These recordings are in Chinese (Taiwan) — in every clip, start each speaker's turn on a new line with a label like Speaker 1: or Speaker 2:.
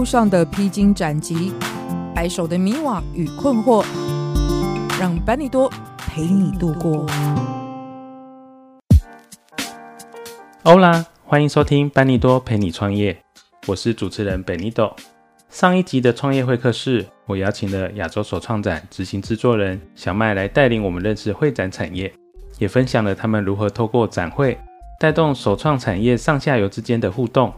Speaker 1: 路上的披荊斬棘，白首的迷惘與困惑，讓班尼多陪你度過。歐啦，歡迎收聽班尼多陪你創業，我是主持人班尼多。上一集的創業會客室，我邀請了亞洲手創展執行製作人小麥來帶領我們認識會展產業，也分享了他們如何透過展會帶動手創產業上下游之間的互動。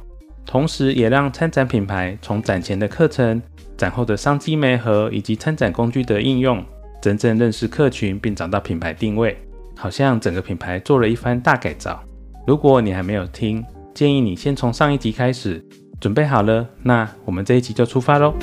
Speaker 1: 同時，也讓參展品牌從展前的課程、展後的商機媒合以及參展工具的應用，真正認識客群並找到品牌定位，好像整個品牌做了一番大改造。如果你還沒有聽，建議你先從上一集開始。準備好了，那我們這一集就出發咯。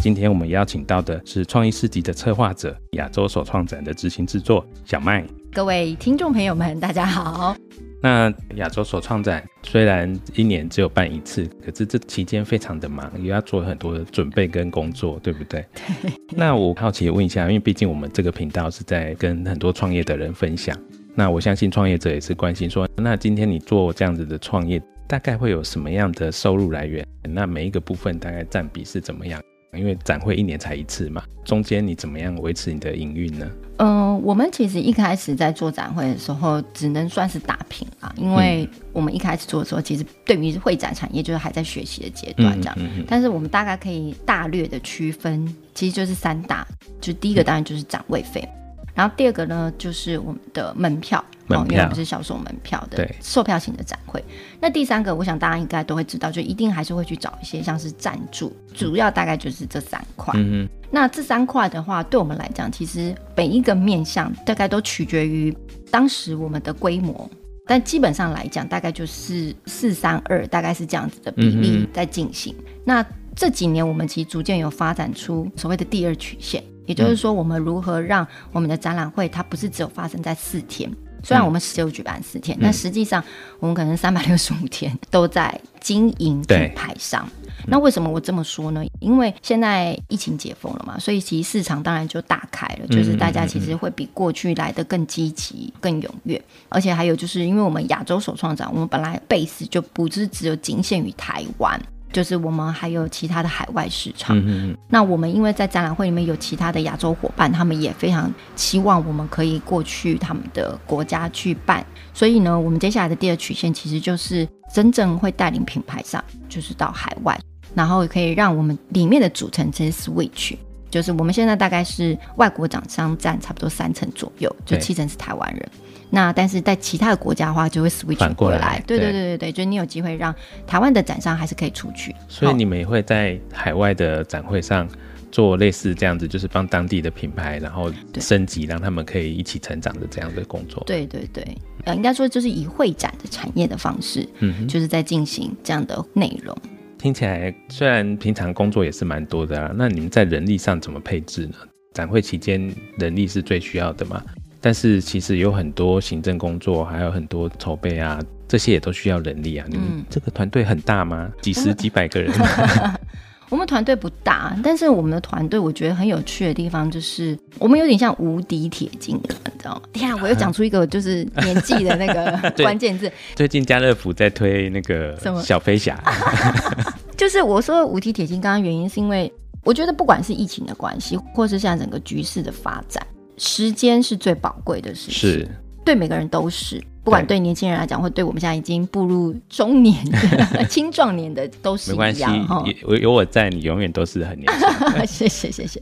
Speaker 1: 今天我們邀請到的是創意市集的策劃者、亞洲手創展的執行制作，小麥。
Speaker 2: 各位聽眾朋友們，大家好。
Speaker 1: 那亞洲手創展雖然一年只有辦一次，可是這期間非常的忙，也要做很多的準備跟工作，對不對？ 那我好奇問一下，因為畢竟我們這個頻道是在跟很多創業的人分享，那我相信創業者也是關心說，那今天你做這樣子的創業，大概會有什麼樣的收入來源？那每一個部分大概占比是怎麼樣？因為展會一年才一次嘛，中間你怎麼樣維持你的營運呢？嗯、
Speaker 2: 呃，我們其實一開始在做展會的時候，只能算是打平啊。因為我們一開始做的時候，其實對於會展產業就是還在學習的階段這樣。嗯嗯嗯嗯、但是我們大概可以大略的區分，其實就是三大，就第一個當然就是展位費。嗯然後第二個呢，就是我們的門票，門票哦，因為我們是銷售門票的，對，售票型的展會。對那第三個，我想大家應該都會知道，就一定還是會去找一些像是贊助，主要大概就是這三塊。嗯哼。那這三塊的話，對我們來講，其實每一個面向大概都取決於當時我們的規模，但基本上來講，大概就是四三二，大概是這樣子的比例在進行。嗯、哼那這幾年，我們其實逐漸有發展出所謂的第二曲線。也就是說，我們如何讓我們的展覽會它不是只有發生在四天？嗯、雖然我們只有舉辦四天，嗯、但實際上我們可能三百六十五天都在經營品牌上。嗯、那為什麼我這麼說呢？因為現在疫情解封了嘛，所以其實市場當然就打開了，就是大家其實會比過去來得更積極、嗯嗯嗯更踴躍。而且還有就是，因為我們亞洲手創展，我們本來 base 就不是只有僅限於台灣。就是我們還有其他的海外市場，嗯嗯，那我們因為在展覽會裡面有其他的亞洲夥伴，他們也非常期望我們可以過去他們的國家去辦，所以呢，我們接下來的第二曲線其實就是真正會帶領品牌商，就是到海外，然後也可以讓我們裡面的組成這些 switch，就是我們現在大概是外國廠商占差不多三成左右，就七成是台灣人。那但是在其他的國家的話，就會 switch 過來。對對對對對，對就是你有機會讓台灣的展商還是可以出去。
Speaker 1: 所以你們也會在海外的展會上做類似這樣子，就是幫當地的品牌，然後升級，讓他們可以一起成長的這樣的工作。對
Speaker 2: 對對，呃，應該說就是以會展的產業的方式，嗯哼，就是在進行這樣的內
Speaker 1: 容。聽起來雖然平常工作也是蠻多的，啊，那你們在人力上怎麼配置呢？展會期間人力是最需要的嗎？但是其實有很多行政工作，還有很多籌備啊，這些也都需要人力啊。嗯，你這個團隊很大嗎？幾十幾百個人？
Speaker 2: 我們團隊不大，但是我們的團隊我覺得很有趣的地方就是，我們有點像無敵鐵金剛，你知道嗎？天啊，我又講出一個就是年紀的那個關鍵字
Speaker 1: 最近家樂福在推那個什麼小飛俠，
Speaker 2: 就是我說無敵鐵金剛剛原因是因為我覺得不管是疫情的關係，或是現在整個局勢的發展。時間是最寶貴的事情，是對每個人都是。不管對年輕人來講，或對我們現在已經步入中年的 青壯年的都是一樣。沒關
Speaker 1: 係吼，有我在，你永遠都是很年輕。
Speaker 2: 謝謝謝謝。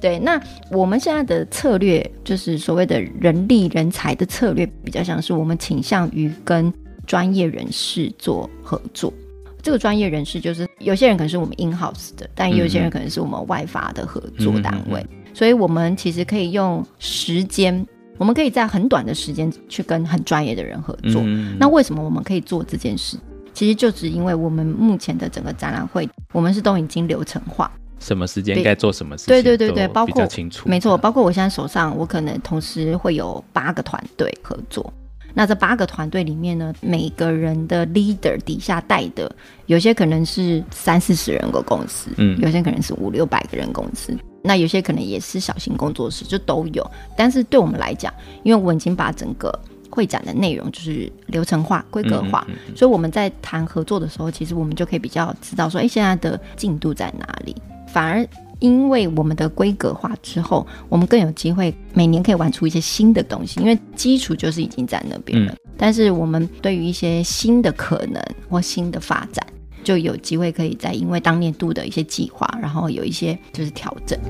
Speaker 2: 對，那我們現在的策略就是所謂的人力人才的策略，比較像是我們傾向於跟專業人士做合作。這個專業人士就是有些人可能是我們 in house 的，但也有些人可能是我們外發的合作單位。嗯嗯嗯。所以我們其實可以用時間，我們可以在很短的時間去跟很專業的人合
Speaker 1: 作。嗯嗯嗯，那為
Speaker 2: 什麼我們可以做這件事？其實就是因為我們目前的整個展覽會，我們是都已經流程化，
Speaker 1: 什麼時間該做什麼事情，對，對對對對，比較清楚，包括沒錯，
Speaker 2: 包括我現在手上，我可能同時會有八個團隊合作。那這八個團隊裡面呢，每個人的 leader 底下帶的，有些可能是三四十人個公司，嗯，有些可能是五六百個人公司。那有些可能也是小型工作室，就都有。但是對我們來講，因為我已經把整個會展的內容就是流程化、規格化，嗯嗯嗯、所以我們在談合作的時候，其實我們就可以比較知道說，哎、欸，現在的進度在哪裡？反而因為我們的規格化之後，我們更有機會每年可以玩出一些新的東西，因為基礎就是已經在那邊了。嗯、但是我們對於一些新的可能或新的發展，就有機會可以再因為當年度的一些計劃，然後有一些就是調整。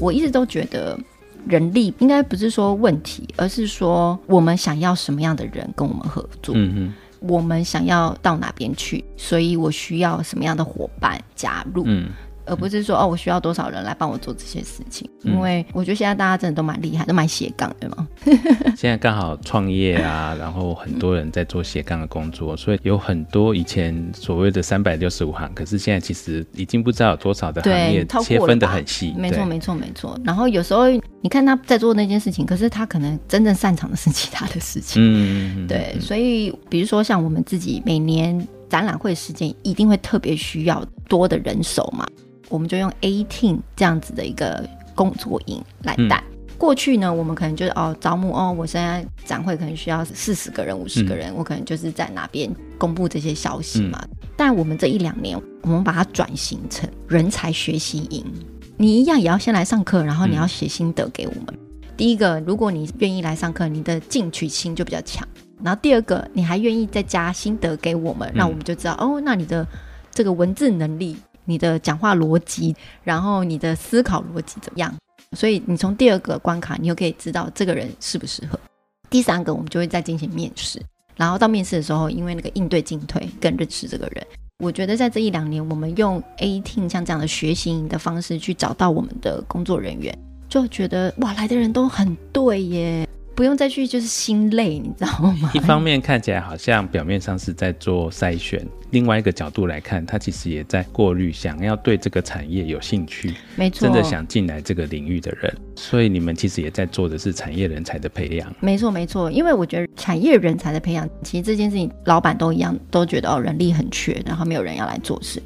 Speaker 2: 我一直都覺得人力應該不是說問題，而是說我們想要什麼樣的人跟我們合作。嗯、哼我們想要到哪邊去，所以我需要什麼樣的夥伴加入。嗯。而不是說哦，我需要多少人來幫我做這些事情，嗯、因為我覺得現在大家真的都蠻厲害，都蠻斜槓，的
Speaker 1: 嘛現在剛好創業啊，然後很多人在做斜槓的工作，嗯、所以有很多以前所謂的三百六十五行，可是現在其實已經不知道有多少的行業切分的很細對，沒錯，沒
Speaker 2: 錯，沒錯。然後有時候你看他在做那件事情，可是他可能真正擅長的是其他的事情，嗯，對。嗯、所以比如說像我們自己每年展覽會時間一定會特別需要多的人手嘛。我們就用 A-team 這樣子的一個工作營來帶。嗯、過去呢，我們可能就是哦，招募哦，我現在展會可能需要四十個人、五十個人，嗯、我可能就是在那邊公布這些消息嘛。嗯、但我們這一兩年，我們把它轉型成人才學習營。你一樣也要先來上課，然後你要寫心得給我們。嗯、第一個，如果你願意來上課，你的進取心就比較強。然後第二個，你還願意再加心得給我們，嗯、那我們就知道哦，那你的這個文字能力，你的講話邏輯，然後你的思考邏輯怎麼樣？所以你從第二個關卡，你就可以知道這個人適不適合。第三個，我們就會再進行面試。然後到面試的時候，因為那個應對進退，更認識這個人。我覺得在這一兩年，我們用 A team 像這樣的學習的方式去找到我們的工作人員，就覺得哇，來的人都很對耶。不用再去就是心累，你知
Speaker 1: 道嗎？一方面看起來好像表面上是在做篩選，另外一個角度來看，他其實也在過濾想要對這個產業有興趣、沒錯，真的想進來這個領域的人。所以你們其實也在做的是產業人才的培養。
Speaker 2: 沒錯沒錯，因為我覺得產業人才的培養，其實這件事情老板都一樣都覺得哦，人力很缺，然後沒有人要來做事。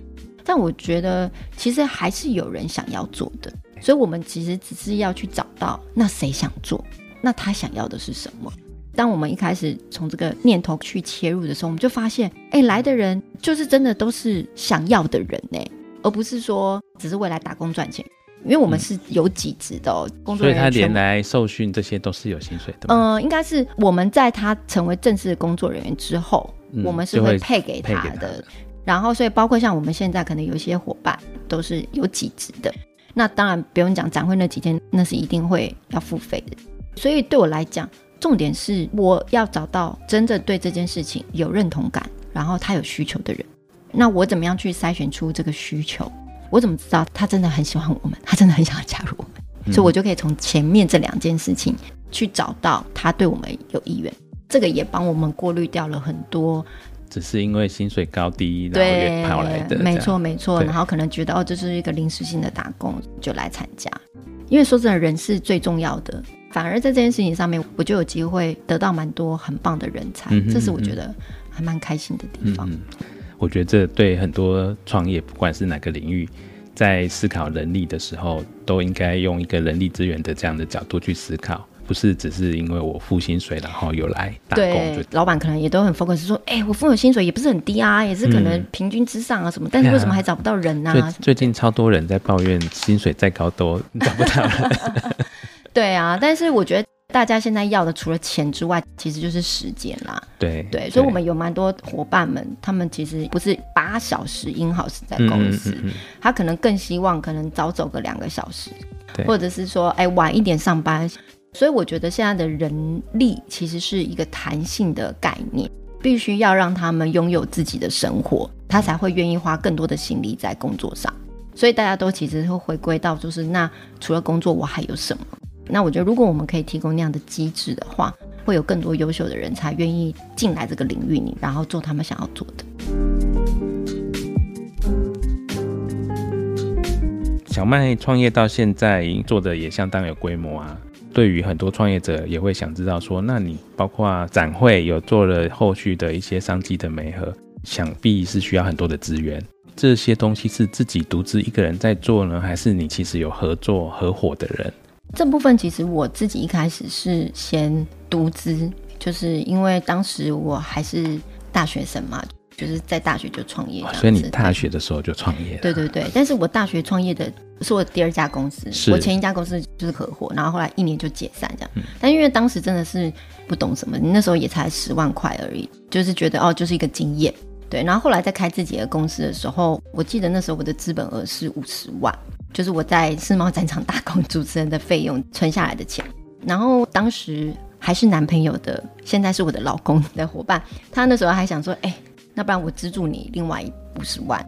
Speaker 2: 但我覺得其實還是有人想要做的，所以我們其實只是要去找到那誰想做。那他想要的是什麼？當我們一開始從這個念頭去切入的時候，我們就發現，哎、欸，來的人就是真的都是想要的人呢、欸，而不是說只是為來打工賺錢。因為我們是有給職的、喔嗯、工作，所以他連
Speaker 1: 來受訓這些都是有薪水的。嗯、呃，
Speaker 2: 應該是我們在他成為正式的工作人員之後，嗯、我們是會配給他的。他的然後，所以包括像我們現在可能有些夥伴都是有給職的。那當然不用講，展會那幾天那是一定會要付費的。所以對我來講，重點是我要找到真正對這件事情有認同感，然後他有需求的人。那我怎麼樣去篩選出這個需求？我怎麼知道他真的很喜歡我們，他真的很想要加入我
Speaker 1: 們？嗯，所以我
Speaker 2: 就可以從前面這兩件事情去找到他對我們有意願。這個也幫我們過濾掉了很多，
Speaker 1: 只是因為薪水高低對然後也跑來的沒，沒錯沒錯。對然後
Speaker 2: 可能覺得哦，這是一個臨時性的打工，就來參加。因為說真的，人是最重要的。反而在這件事情上面，我就有機會得到蠻多很棒的人才，嗯嗯嗯，這是我覺得還蠻開心的地
Speaker 1: 方嗯嗯。我覺得這對很多創業，不管是哪個領域，在思考人力的時候，都應該用一個人力資源的這樣的角度去思考。不是只是因為我付薪水，然後又來打工
Speaker 2: 對，就老板可能也都很 focus，說，哎、欸，我付的薪水也不是很低啊，也是可能平均之上啊什麼，嗯、但是為什麼還找不到人呢？啊啊？
Speaker 1: 最近超多人在抱怨薪水再高都找不到。
Speaker 2: 對啊，但是我覺得大家現在要的除了錢之外，其實就是時間啦。對對，對所以我們有蠻多伙伴們，他們其實不是八小時，in-house 在公司，嗯嗯嗯嗯他可能更希望可能早走個兩個小時，對或者是說，哎、欸，晚一點上班。所以我覺得現在的人力其實是一個彈性的概念，必須要讓他們擁有自己的生活，他才會願意花更多的心力在工作上。所以大家都其實會回歸到，就是那除了工作，我還有什麼？那我覺得，如果我們可以提供那樣的機制的話，會有更多優秀的人才願意進來這個領域裡，然後做他們想要做的。
Speaker 1: 小麥創業到現在做的也相當有規模啊。對於很多創業者也會想知道說，那你包括展會有做了後續的一些商機的媒合，想必是需要很多的資源。這些東西是自己獨自一個人在做呢，還是你其實有合作合夥的人？
Speaker 2: 這部分其實我自己一開始是先獨資，就是因為當時我還是大學生嘛，就是在大學就創業。哦。所以你
Speaker 1: 大學的時候就創業？嗯。對
Speaker 2: 對對。但是我大學創業的是我的第二家公司，是我前一家公司。就是合夥，然後後來一年就解散這樣。但因為當時真的是不懂什麼，那時候也才十萬塊而已，就是覺得哦，就是一個經驗。對，然後後來在開自己的公司的時候，我記得那時候我的資本額是五十萬，就是我在世貿展場打工主持人的費用存下來的錢。然後當時還是男朋友的，現在是我的老公的夥伴，他那時候還想說：“欸，那不然我資助你另外五十萬？”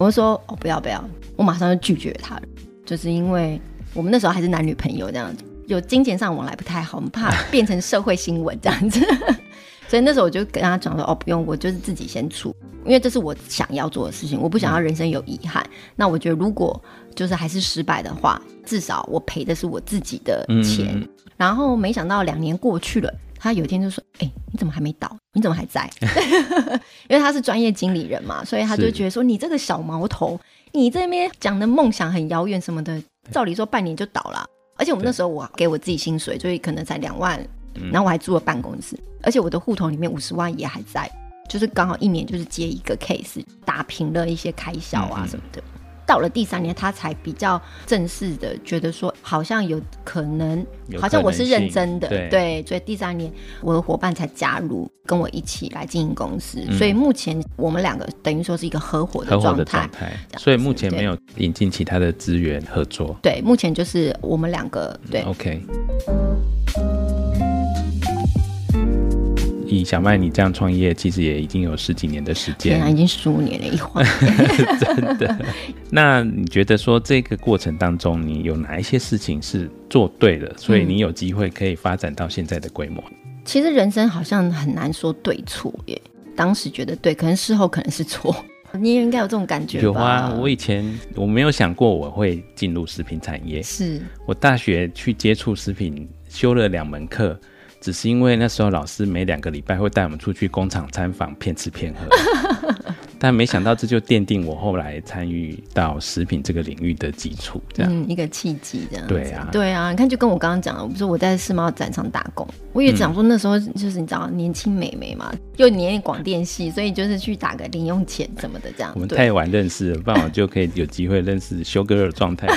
Speaker 2: 我就說：“哦，不要不要！”我馬上就拒絕他了，就是因為。我們那時候還是男女朋友這樣子，有金錢上往來不太好，我們怕變成社會新聞這樣子。 所以那時候我就跟他講說：“哦，不用，我就是自己先出，因為這是我想要做的事情，我不想要人生有遺憾。嗯、那我覺得如果就是還是失敗的話，至少我賠的是我自己的錢。嗯嗯”然後沒想到兩年過去了，他有一天就說：“哎、欸，你怎麼還沒倒？你怎麼還在？”嗯、 因為他是專業經理人嘛，所以他就覺得說：“是你這個小毛頭，你這邊講的夢想很遙遠什麼的。”照理說半年就倒了，而且我們那時候我給我自己薪水。對所以可能才兩萬，嗯、然後我還租了辦公室，而且我的戶頭裡面五十萬也還在，就是剛好一年就是接一個 case，打平了一些開銷啊什麼的。嗯嗯到了第三年，他才比較正式的覺得說，好像有可能，可能好像我是認真的，對，對，所以第三年我的夥伴才加入跟我一起來經營公司，嗯、所以目前我們兩個等於說是一個合夥的狀態，
Speaker 1: 所以目前沒有引進其他的資源合作，對，
Speaker 2: 對，目前就是我們兩個對、嗯，OK。
Speaker 1: 你小麥，你這樣創業，其實也已經有十幾年的時間，現在已經
Speaker 2: 十五年了，一晃， 真的。
Speaker 1: 那你覺得說，這個過程當中，你有哪一些事情是做對了，所以你有機會可以發展到現在的規模？嗯，
Speaker 2: 其實人生好像很難說對錯耶，當時覺得對，可能事後可能是錯，你也應該有這種感覺。有啊，
Speaker 1: 我以前我沒有想過我會進入食品產業，是我大學去接觸食品，修了兩門課。只是因為那時候老師每兩個禮拜會帶我們出去工廠參訪，騙吃騙喝。 但沒想到，這就奠定我後來參與到食品這個領域的基礎，這樣、嗯、一
Speaker 2: 個契機。這樣對啊，對啊。你看，就跟我剛剛講的，我不是我在世貿展場打工，我也講說那時候就是你知道，嗯、年輕美眉嘛，又念廣電系，所以就是去打個零用錢什麼的這樣。我們太晚
Speaker 1: 認識了，不然對就可以有機會認識 show girl 的狀態，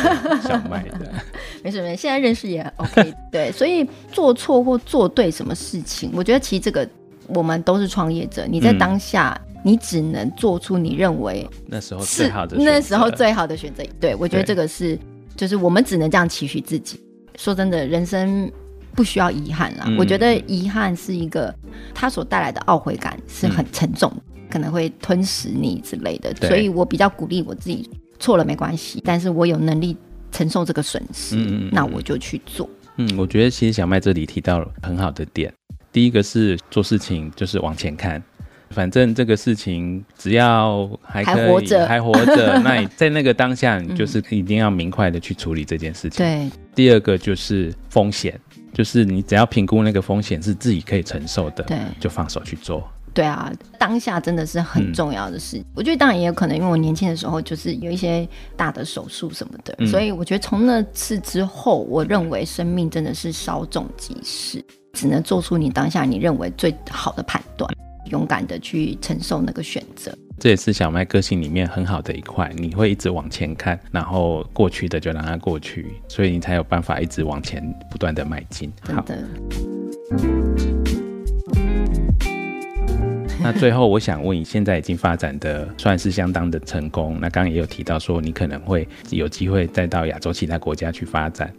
Speaker 1: 小
Speaker 2: 麥的。 沒事沒事，現在認識也 OK。 對，所以做錯或做對什麼事情，我覺得其實這個我們都是創業者。你在當下。嗯你只能做出你認為那
Speaker 1: 時候是那時候最好
Speaker 2: 的選擇。對，我覺得這個是，對就是我們只能這樣期許自己。說真的，人生不需要遺憾啦。嗯、我覺得遺憾是一個，它所帶來的懊悔感是很沉重，嗯、可能會吞噬你之類的。對所以我比較鼓勵我自己，錯了沒關係，但是我有能力承受這個損失，嗯嗯嗯嗯，那我就去做。嗯，
Speaker 1: 我覺得其實小麥這裡提到了很好的點，第一個是做事情就是往前看。反正這個事情，只要還活着，還活着，活 那你在那個當下，你就是一定要明快的去處理這件事情。對、嗯。第二個就是風險，就是你只要評估那個風險是自己可以承受的，對，就放手去做。
Speaker 2: 對啊，當下真的是很重要的事。嗯、我覺得當然也有可能，因為我年輕的時候就是有一些大的手術什麼的，嗯、所以我覺得從那次之後，我認為生命真的是稍縱即逝，只能做出你當下你認為最好的判斷。勇敢的去承受那個選擇，
Speaker 1: 這也是小麥個性裡面很好的一塊。你會一直往前看，然後過去的就讓它過去，所以你才有辦法一直往前不斷的邁進。好真的。 那最後我想問你，現在已經發展的算是相當的成功，那剛剛也有提到說，你可能會有機會再到亞洲其他國家去發展。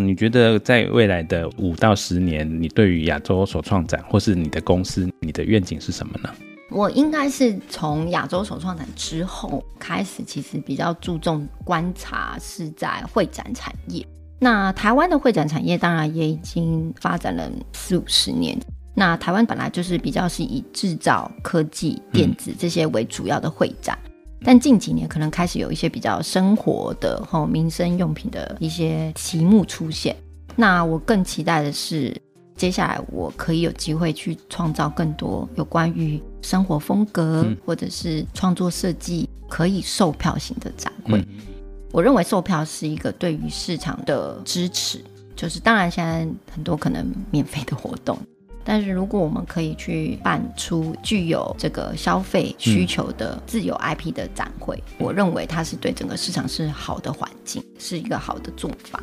Speaker 1: 你覺得在未來的五到十年，你對於亞洲手創展或是你的公司，你的願景是什麼呢？
Speaker 2: 我應該是從亞洲手創展之後開始，其實比較注重觀察是在會展產業。那台灣的會展產業當然也已經發展了四五十年。那台灣本來就是比較是以制造、科技、電子這些為主要的會展。嗯但近幾年可能開始有一些比較生活的，或、哦、民生用品的一些題目出現。那我更期待的是，接下來我可以有機會去創造更多有關於生活風格、嗯、或者是創作設計可以售票型的展會。嗯、我認為售票是一個對於市場的支持，就是當然現在很多可能免費的活動。但是，如果我們可以去辦出具有這個消費需求的自有 IP 的展會，嗯、我認為它是對整個市場是好的環境，是一個好的做法，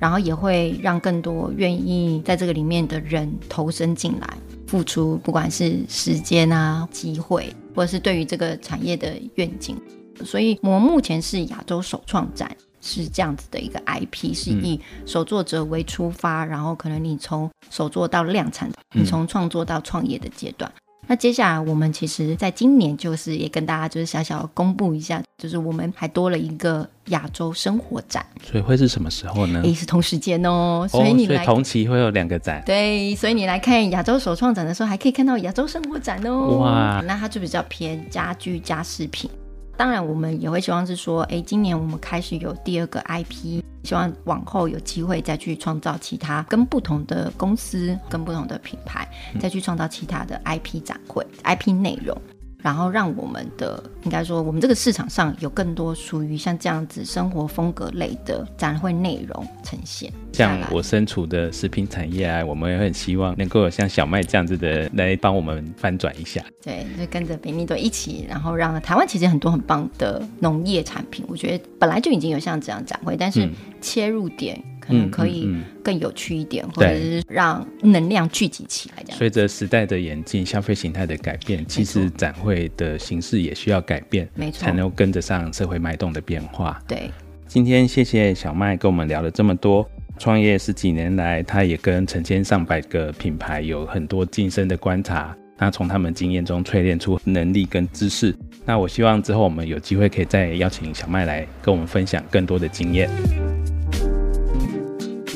Speaker 2: 然後也會讓更多願意在這個裡面的人投身進來，付出不管是時間啊、機會，或者是對於這個產業的願景。所以，我們目前是亞洲手創展。是這樣子的一個 IP，是以手作者為出發，嗯、然後可能你從手作到量產，嗯、你從創作到創業的階段。那接下來我們其實在今年就是也跟大家就是小小的公布一下，就是我們還多了一個亞洲生活展。
Speaker 1: 所以會是什麼時候呢？也是
Speaker 2: 同時間哦，所以你、哦、所以同
Speaker 1: 期會有兩個展。
Speaker 2: 對，所以你來看亞洲手創展的時候，還可以看到亞洲生活展哦。哇，那它就比較偏家居家飾品。當然，我們也會希望是說，誒，今年我們開始有第二個 IP，希望往後有機會再去創造其他跟不同的公司、跟不同的品牌，再去創造其他的 IP 展會、嗯、IP 內容。然後讓我們的應該說，我們這個市場上有更多屬於像這樣子生活風格類的展會內容呈現。
Speaker 1: 像，我身處的食品產業啊，我們也很希望能夠有像小麥這樣子的來幫我們翻轉一下。
Speaker 2: 對，就跟着 Benito 一起，然後讓台灣其實很多很棒的農業產品，我覺得本來就已經有像這樣展會，但是切入點。嗯，可,能可以更有趣一點，嗯嗯嗯、或者是讓能量聚集起來
Speaker 1: 這樣。隨着對時代的演進，消費形態的改變，錯其實展會的形式也需要改變，沒錯錯，才能跟得上社會脈動的變化。對，今天謝謝小麥跟我們聊了這麼多。創業十幾年來，他也跟成千上百個品牌有很多親身的觀察，那從他們經驗中淬鍊出能力跟知識。那我希望之後我們有機會可以再邀請小麥來跟我們分享更多的經驗。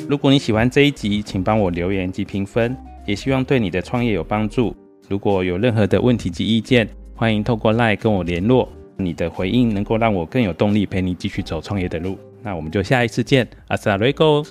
Speaker 1: 如果你喜歡這一集，請幫我留言及評分，也希望對你的創業有幫助。如果有任何的問題及意見，歡迎透過 LINE 跟我聯絡。你的回應能夠讓我更有動力陪你繼續走創業的路。那我們就下一次見，阿斯拉瑞哥。